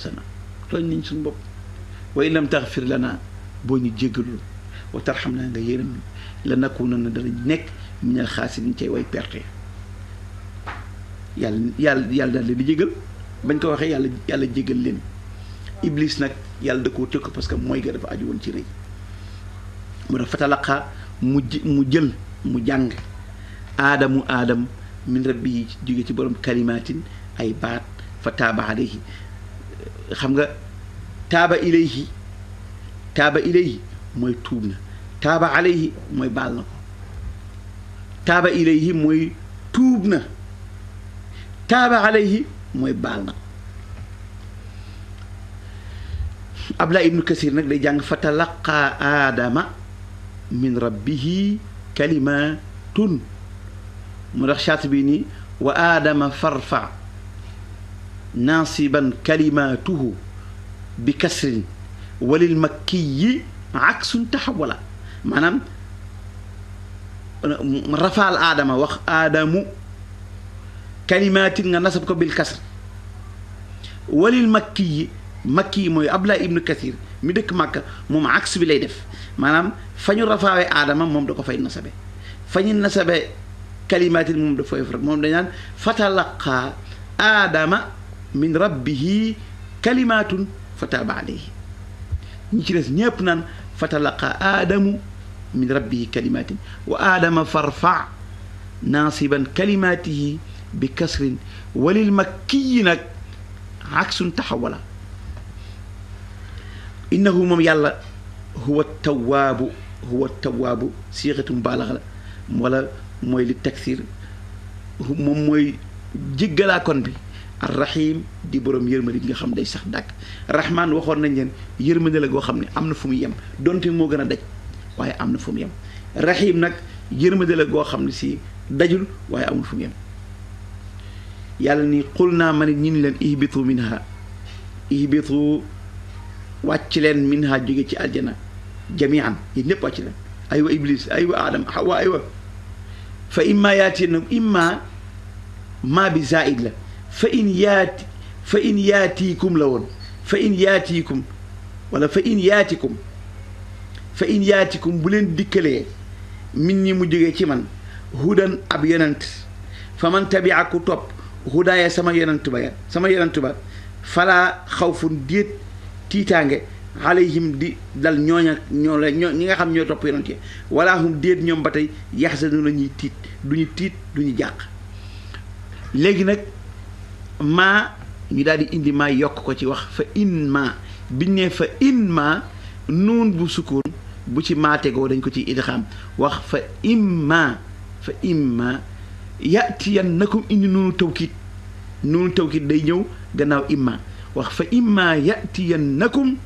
sana tooñ nañ suñu bopp wa in lam taxfir lana boo ñu jéggalul wa tarxam naa nga yërëm la nakuna na danañ nekk minal xaasiriin cay way perte yàlla yàlla yàlla daal di jégal bañ ko waxee yàlla yàlla jégal leen iblis nag yàlla da koo tëkk parce que mooy ga dafa aju woon ci rëy mu ne fatalaqa mu mu jël mu jàng aadamu aadam min rabbi yi jóge ci borom kalimaatin ay baat fa taaba alayhi xam nga taaba ilayhi taaba ilayhi mooy tuub na taaba alayhi mooy baal na ko taaba ilayhi mooy tuub na taaba alayhi mooy baal na ko ibnu Kasir nag day jàng fa talaqa aadama min rabbihi kalimatun mu tax chaat bi nii wa aadama farfa naasiban kalimatuhu bi kasrin walil makkiyi aksun taxawala maanaam rafaal aadama wax aadamu kalimaatin nga nasab ko bil kasr walil makki yi makki yi mooy abdullah ibnu kathir mi dëkk màkka moom aks bi lay def maanaam fa aadama moom da ko fay nasabe fa nasabe kalimaatin moom da fay moom dañ naan fatalaqa aadama min rabbihi kalimaatun fa taaba alayhi ñi ci des ñépp naan fa talaqa aadamu min rabbihi kalimaatin wa aadama farfa naasiban kalimaatihi bi kasrin walil makkiyi nag aksun taxawala innahu moom yàlla huwa tawaabu huwa tawaabu siixatu mubaalaxa la wala mooy li taksir moom mooy jéggalaa kon bi arrahim di borom yërmande gi nga xam day sax dàkk rahman waxoon nañ leen yërmande la goo xam ne am na fu mu yem donte moo gën a daj waaye am na fu mu yem rahim nag yërmande la goo xam ne si dajul waaye amul fu mu yem yàlla ni xul naa ma nit ñi ni leen ihbitu minha ihbitu wàcc leen minha jóge ci aljana jamian yéen ñëpp wàcc leen aywa iblis aywa adam hawa aywa fa imma yaati nag imma maa bi zaid la fa in yaati fa in yaatiikum la woon fa in yaatiikum wala fa in yaatikum fa in yaatikum bu leen dikkalee min ñi mu jógee ci man hudan ab yonent fa man tabia ku topp hudaaya sama yonent ba ya sama yonent ba falaa xawfun déet tiitaange alayhim di dal ñooña ñoo la ñoo ñi nga xam ñoo topp yonent yi wala hum déet ñoom ba tey yaxsanu la ñuy tiit du tiit du ñu jàq léegi nag maa ñu daal di indi maa yokk ko ci wax fa in ma biñ fa in ma nuun bu sukkoon bu ci maategoo dañ ko ci idxaam wax fa imma fa imma yatiyan nakum indi nuunu tawkiit nuunu tawkiit day ñëw gannaaw imma wax fa imma yatiyan nakum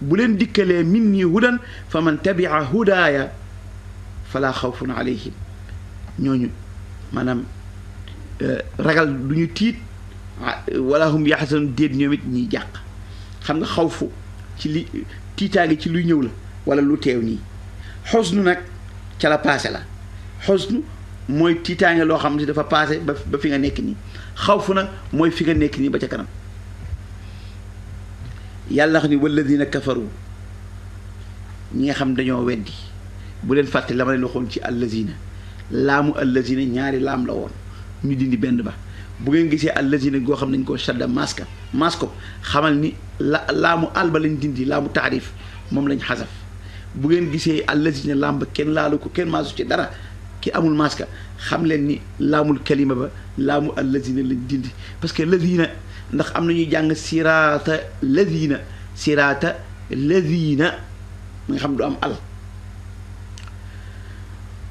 bu leen dikkalee min nii hudan fa man tabia hudaaya falaa xawfun alayhim ñooñu maanaam eh, ragal du tiit Ah, wala hum yaxasan déet ñoom it ñiy jàq xam nga xaw fu ci li tiitaange ci luy ñëw la wala lu teew nii xosnu nag ca la paase la xosnu mooy tiitaange loo xam ne dafa paase ba ba fi nga nekk nii xaw fu nag mooy fi nga nekk nii ba ca kanam yàlla xam ni walladina kafaru ñi nga xam dañoo weddi bu leen fàtte la ma leen waxoon ci allazina laamu allazina ñaari laam la woon ñu dindi benn ba bu ngeen gisee allazina goo xam nañ ko shadda maska masko xamal ni la laamu alba lañ dindi laamu taarif moom lañ xasaf bu ngeen gisee allazina laam kenn laalu ko kenn maasu ci dara ki amul maska xam leen ni laamul kalima ba laamu allazina lañ dindi parce que lazina ndax am nañuy jàng siraata lazina siraata lazina nga xam du am al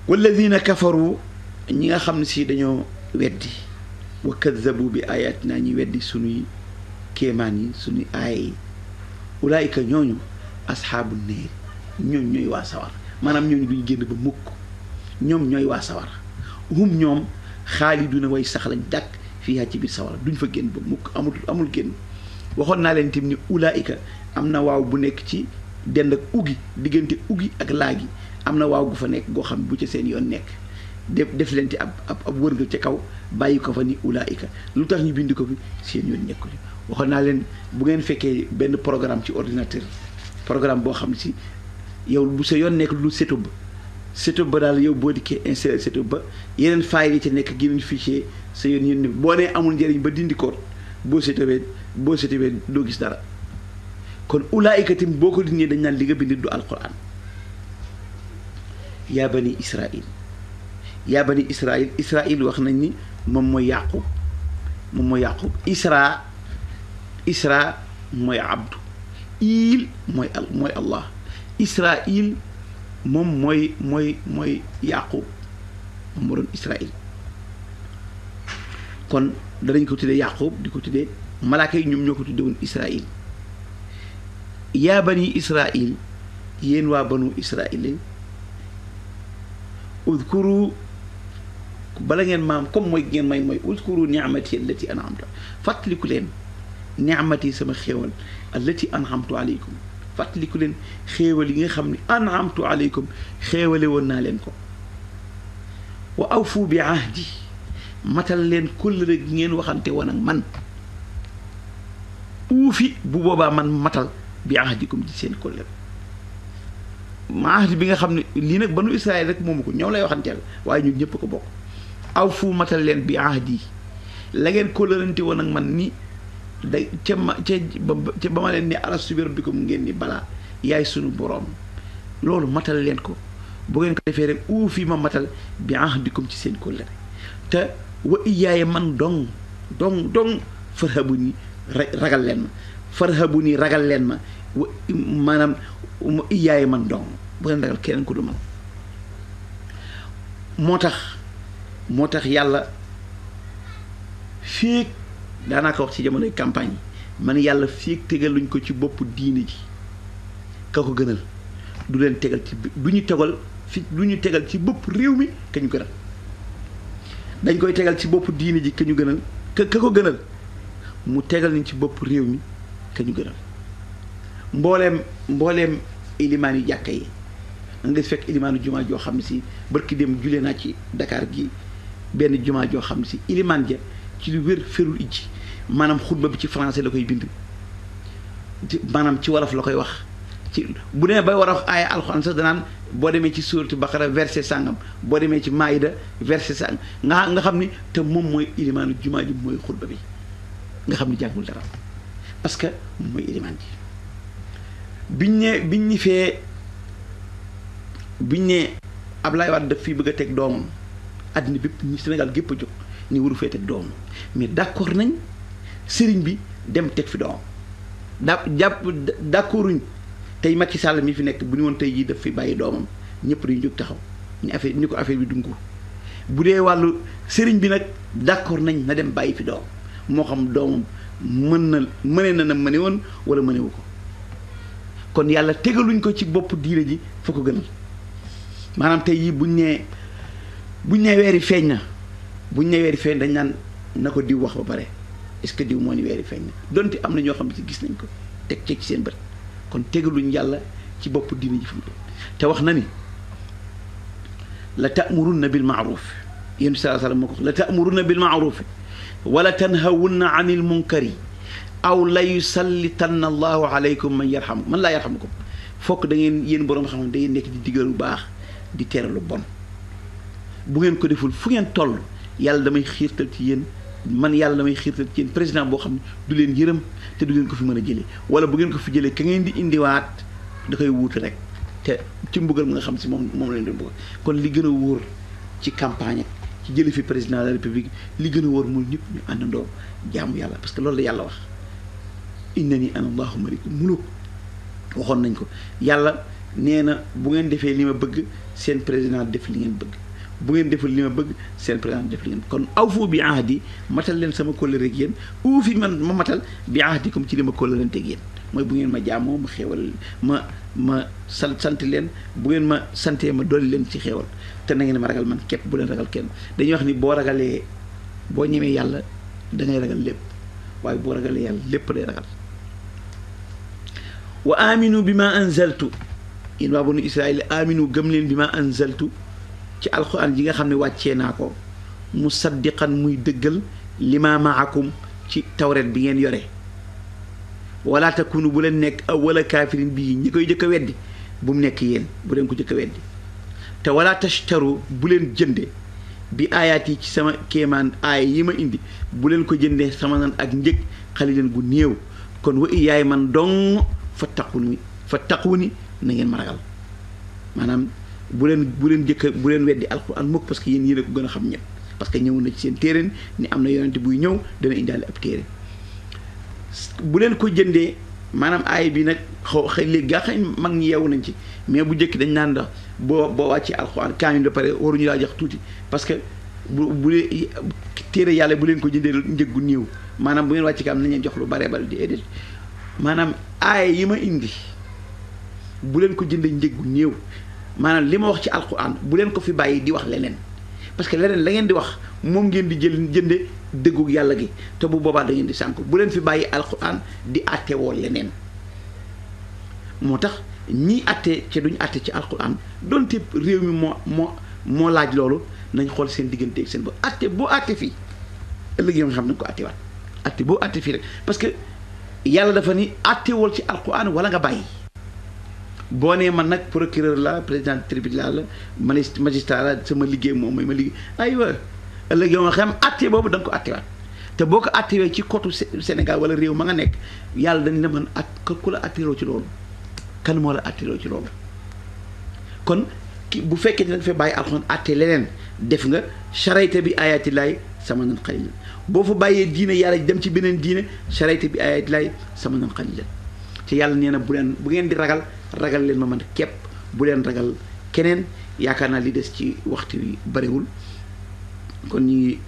walladina kafaru ñi nga xam ne si dañoo weddi wa kaddabu bi ayatina ñi weddi sunuy kéemaan yi suñuy aaya yi ulaayika ñooñu asxaabu neeri ñooñ ñooy waa sawar maanaam ñooñu duñ génn ba mukk ñoom ñooy waa sawar hum ñoom du xaaliduna way sax lañ dàkk fii ci biir sawar duñ fa génn ba mukk amul amul génn waxoon naa leen tamit ni ulaayika am na waaw bu nekk ci dend ak ugi diggante ugi ak laagi am na waaw gu fa nekk goo xam bu ca seen yoon nekk def def leen ci ab ab ab wërngal ci kaw bàyyi ko fa ni ulaayika lu tax ñu bind ko bi seen yoon nekkul waxoon naa leen bu ngeen fekkee benn programme ci ordinateur programme boo xam si yow bu sa yoon nekk lu setup ba setup ba daal yow boo dikkee installé setup ba yeneen fayil yi ci nekk yeneen fichier sa yoon yoon boo nee amul njëriñ ba dindi ko boo setupee boo setupee doo gis dara kon ulaayika tamit boo ko dindee dañ naan li nga bind du alquran yaa bani israil yaa bani israil israil wax nañ ni moom mooy yàqub moom mooy yàqub isra isra mooy abdu il mooy allah israil moom mooy mooy mooy yàqub moom moo doon israil kon danañ ko tuddee yàqub di ko tuddee malaaka yi ñoom ñoo ko tuddee woon israil yaa bani israil yéen waa banu israil udkuru bala ngeen maam comme mooy ngeen may mooy uskuru ni'mati allati an'amtu fàttaliku leen ni'mati sama xéewal allati an'amtu aleykum fàttaliku leen xéewal yi nga xam ne an'amtu aleykum xéewale woon naa leen ko wa awfu bi ahdi matal leen kóllëre gi ngeen waxante woon man uufi bu boobaa man matal bi ahdikum ci seen kóllëre ma ahdi bi nga xam ne lii nag banu Israël rek moomu ko ñoom lay waxanteel waaye ñun ñëpp ko bokk aw fu matal leen bi di la ngeen kóllërante woon ak man ni da ca ma ca ba ma leen ni alastu bi mu ngeen ni balaa yaay sunu boroom loolu matal leen ko bu ngeen ko defee rek uufi ma matal bi ahdikum ci seen kóllëre te wa iyaay man dong dong dong farhabu ni ragal leen ma farhabu ni ragal leen ma wa maanaam ma man dong bu ngeen ragal keneen ku du man moo tax moo tax yàlla fii daanaa ko wax ci jamonoy campagne man yàlla fii tegaluñ ko ci bopp diine ji ka ko gënal du leen tegal ci du ñu tegal fi du ñu tegal ci bopp réew mi ka ñu gënal dañ koy tegal ci bopp diine ji ka ñu gënal ka ka ko gënal mu tegal ñu ci bopp réew mi ka ñu gënal mbooleem mbooleem ilimaan yu jàkka yi nga fekk ilimaanu jumaa joo xam ne si barki dem julee naa ci Dakar gi benn jumaa joo xam ne si ilimaan ja ci lu wér ferul ijji maanaam xutba bi ci français la koy bind maanaam ci wolof la koy wax ci bu demee bay war a wax aaya alxuraan sax danaan boo demee ci suuratu baqara verset sàngam boo demee ci maayida verset sàngam nga nga xam ni te moom mooy ilimaanu jumaa ji mooy xutba bi nga xam ni jàngul dara parce que mooy ilimaan ji biñ ne biñ ñi fee biñ ne Ablaye Wade daf fii bëgg a teg doomam àddina bépp ñi Sénégal gépp a jóg ni waru fee teg doom mais d'accord nañ sëriñ bi dem teg fi doom da jàpp d'accorduñ tey ci sàll mi fi nekk bu ñu woon tey jii daf fi bàyyi doomam ñëpp dañu jóg taxaw ñu affaire ko affaire bi dungu bu dee wàllu sëriñ bi nag d'accord nañ na dem bàyyi fi doom moo xam doomam mën na mëne na na mëne woon wala mënewu ko kon yàlla tegaluñ ko ci bopp diine ji fa ko gënal maanaam tey buñ nee buñ ne weeri feeñ na buñ ne weeri feeñ dañ naan na ko diw wax ba pare est-ce que diw moo ni weeri feeñ na donte am na ñoo xam ne gis nañ ko teg ci seen bët kon tegaluñ yàlla ci bopp diini ji fa mu te wax na ni la ta'murunna bil ma'ruf yéen sallallahu alayhi wasallam moo ko la ta'murunna bil ma'ruf wala tanhawunna anil munkari aw la yusallitanna allahu alaykum man yarhamu man laa yarhamukum fokk da ngeen yéen boroom xam da ngeen nekk di digal lu baax di tere lu bon bu ngeen ko deful fu ngeen toll yàlla damay xiirtal ci yéen man yàlla damay xiirtal ci yéen président boo xam ne du leen yërëm te du ngeen ko fi mën a jëlee wala bu ngeen ko fi jëlee ka ngeen di indiwaat da koy rek te ci mbugal mu nga xam si moom moom leen doon bëgg kon li gën a wóor ci campagne ci jële fi président la république li gën a wóor mooy ñëpp ñu àndandoo jaamu yàlla parce que loolu la yàlla wax innani ana allahu maliku muluk waxoon nañ ko yàlla nee na bu ngeen defee li ma bëgg seen président def li ngeen bëgg bu ngeen deful li ma bëgg seen président def li ngeen kon awfu bi ahdi matal leen sama kóllëre ak yéen uufi man ma matal bi ahdi comme ci li ma te yéen mooy bu ngeen ma jaamoo ma xéewal ma ma sant sant leen bu ngeen ma santee ma dool leen ci xewal te na ngeen ma ragal man képp bu leen ragal kenn dañuy wax ni boo ragalee boo ñemee yàlla da ngay ragal lépp waaye boo ragalee yàlla lépp lay ragal wa aminu bi ma anzaltu yéen waa banu israil gëm leen bi ma anzaltu ci alquran ji nga xam ne wàcce naa ko mu musaddiqan muy dëggal lima maakum ci tawret bi ngeen yore wala takunu bu leen nekk walla kaafirin bii ñi koy jëkk a weddi bu mu nekk yéen buleen ko jëkk a te wala tashtaru bu leen jënde bi aayaat yi ci sama kéemaan aaya yi ma indi buleen ko jëndee sama nan ak njëg xali leen gu néew kon wa iyaay man dong fa taqu wu ni na ngeen ma ragal maanaam bu leen bu leen jëkk bu leen weddi alquran mukk parce que yéen yéen a ko gën a xam ñëpp parce que ñëw na ci seen téereen ni am na yonente buy ñëw dana indaale ab téere bu leen ko jëndee maanaam aay bi nag xaw xëy léegi gaa xëy nañ ci mais bu njëkk dañ naan ndax boo boo wàccee alquran kaamil ba pare waruñu laa jox tuuti parce que bu bu leen téere yàlla bu leen ko jëndee njëggu néew maanaam bu ngeen wàccee kaam nañ leen jox lu bare bari déedéet maanaam aay yi ma indi bu leen ko jëndee njëggu néew maanaam li ma wax ci alquran bu leen ko fi bàyyi di wax leneen parce que leneen la ngeen di wax moom ngeen di jël jënde dëggu yàlla gi te bu boobaa da di sànk bu leen fi bàyyi alquran di àttewoo leneen moo tax ñii àtte ci duñ àtte ci alquran donte réew mi moo moo moo laaj loolu nañ xool seen diggante ak seen bopp àtte boo àtte fii ëllëg yow nga xam nañ ko àttewaat àtte boo àtte fii rek parce que yàlla dafa ni àttewoo ci alquran wala nga bàyyi. boo nee man nag procureur la président tribunal la magistrat la sama liggéey moom mooy ma liggéey aywa ëllëg yow ma xam atte boobu da ko attewaat te boo ko attewee ci côté Sénégal wala réew ma nga nekk yàlla dañ la mën at ku la attiroo ci loolu kan moo la attiroo ci loolu kon ki bu fekkee ne da nga bàyyi alxuraan atte leneen def nga charayta bi ayati sama nan xalilan boo fa bàyyee diine yàlla dem ci beneen diine charayta bi ayati laay sama nan ci yàlla nee na bu leen bu ngeen di ragal ragal leen ma man képp bu leen ragal keneen yaakaar naa li des ci waxtu wi barewul kon ñi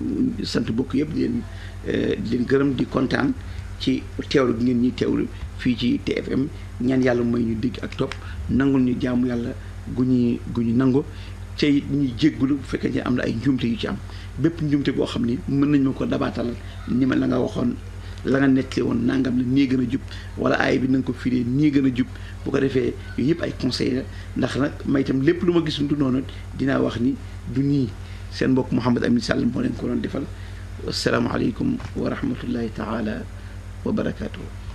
sant bokk yëpp di leen eh, di leen gërëm di kontaan ci teewlu gi ngeen ñi teewlu fii ci TFM ñaan yàlla mooy ñu digg ak topp nangul ñu jaamu yàlla gu ñuy gu ñu nangu cay ñuy jéggulu bu fekkee ne am na ay njuumte yu ci am bépp njuumte boo xam ni mën nañ ma ko dabaatal ni ma la nga waxoon la nga nettali woon nangam la nii gën a jub wala aay bi na nga ko firee nii gën a jub bu ko defee yooyu yëpp ay conseil la ndax nag may itam lépp lu ma gis du noonu dinaa wax ni du nii seen mbokk Mouhamed Amine Sall moo leen ko doon defal asalaamaaleykum wa rahmatullahi taala wa barakaatu.